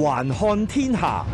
環看天下。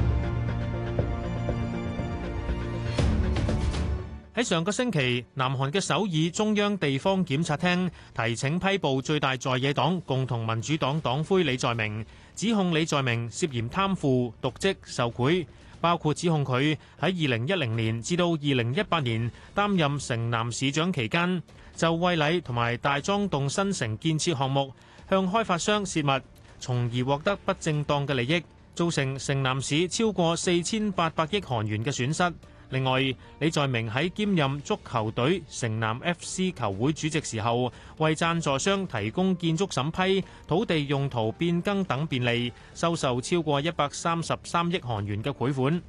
喺上個星期，南韓嘅首爾中央地方檢察廳提請批捕最大在野黨共同民主黨黨魁李在明，指控李在明涉嫌貪腐、瀆職、受賄，包括指控佢喺二零一零年至到二零一八年擔任城南市長期間，就慰禮同埋大莊洞新城建設項目向開發商泄密，從而獲得不正當嘅利益。造成城南市超過四千八百億韓元嘅損失。另外，李在明喺兼任足球隊城南 FC 球會主席時候，為贊助商提供建築審批、土地用途變更等便利，收受超過一百三十三億韓元嘅賄款。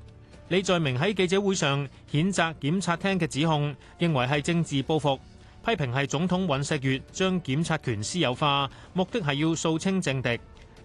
李在明喺記者會上譴責檢察廳嘅指控，認為係政治報復，批評係總統尹錫悅將檢察權私有化，目的係要掃清政敵。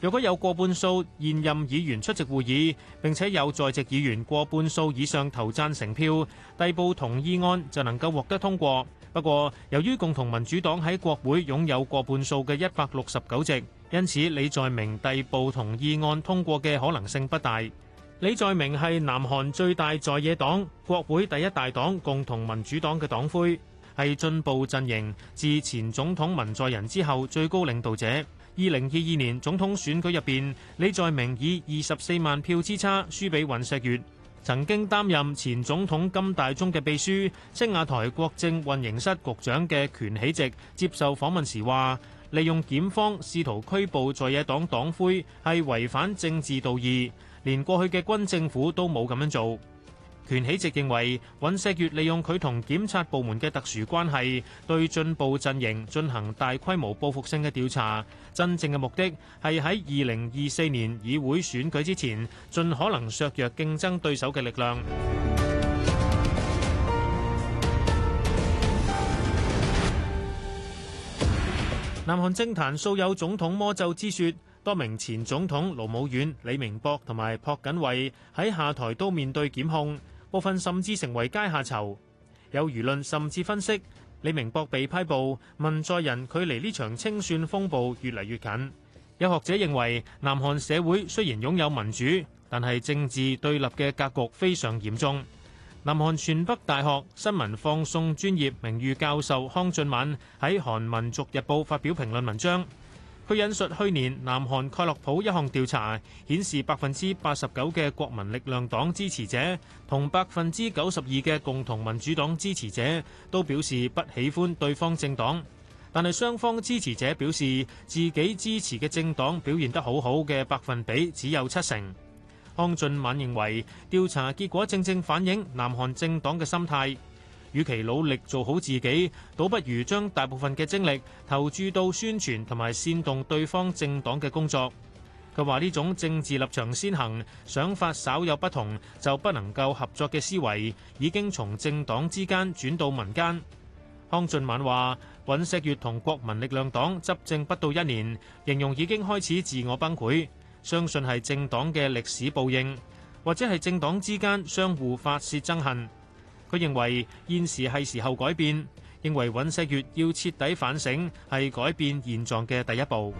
若果有過半數現任議員出席會議，並且有在席議員過半數以上投贊成票，逮捕同意案就能夠獲得通過。不過，由於共同民主黨喺國會擁有過半數嘅一百六十九席，因此李在明逮捕同意案通過嘅可能性不大。李在明係南韓最大在野黨、國會第一大黨共同民主黨嘅黨魁，係進步陣營自前總統文在寅之後最高領導者。二零二二年總統選舉入邊，李在明以二十四萬票之差輸俾尹錫悅。曾經擔任前總統金大中嘅秘書、青瓦台國政運營室局長嘅權喜植接受訪問時話，利用檢方試圖拘捕在野黨黨魁係違反政治道義，連過去嘅軍政府都冇咁樣做。權喜直認為尹錫悅利用佢同檢察部門嘅特殊關係，對進步陣營進行大規模報復性嘅調查，真正嘅目的係喺二零二四年議會選舉之前，盡可能削弱競爭對手嘅力量。南韓政壇素有總統魔咒之説，多名前總統盧武鉉、李明博同埋朴槿惠喺下台都面對檢控。部分甚至成為階下囚。有輿論甚至分析，李明博被批捕，文在寅距離呢場清算風暴越嚟越近。有學者認為，南韓社會雖然擁有民主，但係政治對立嘅格局非常嚴重。南韓全北大學新聞放送專業名譽教授康俊敏喺《韓民族日報》發表評論文章。佢引述去年南韓蓋洛普一項調查，顯示百分之八十九嘅國民力量黨支持者同百分之九十二嘅共同民主黨支持者都表示不喜歡對方政黨，但係雙方支持者表示自己支持嘅政黨表現得好好嘅百分比只有七成。康俊晚認為調查結果正正反映南韓政黨嘅心態。與其努力做好自己，倒不如將大部分嘅精力投注到宣傳同埋煽動對方政黨嘅工作。佢話：呢種政治立場先行、想法稍有不同就不能夠合作嘅思維，已經從政黨之間轉到民間。康俊晚話：尹錫悅同國民力量黨執政不到一年，形容已經開始自我崩潰，相信係政黨嘅歷史報應，或者係政黨之間相互發洩憎恨。佢認為現時係時候改變，認為尹錫悅要徹底反省，係改變現狀嘅第一步。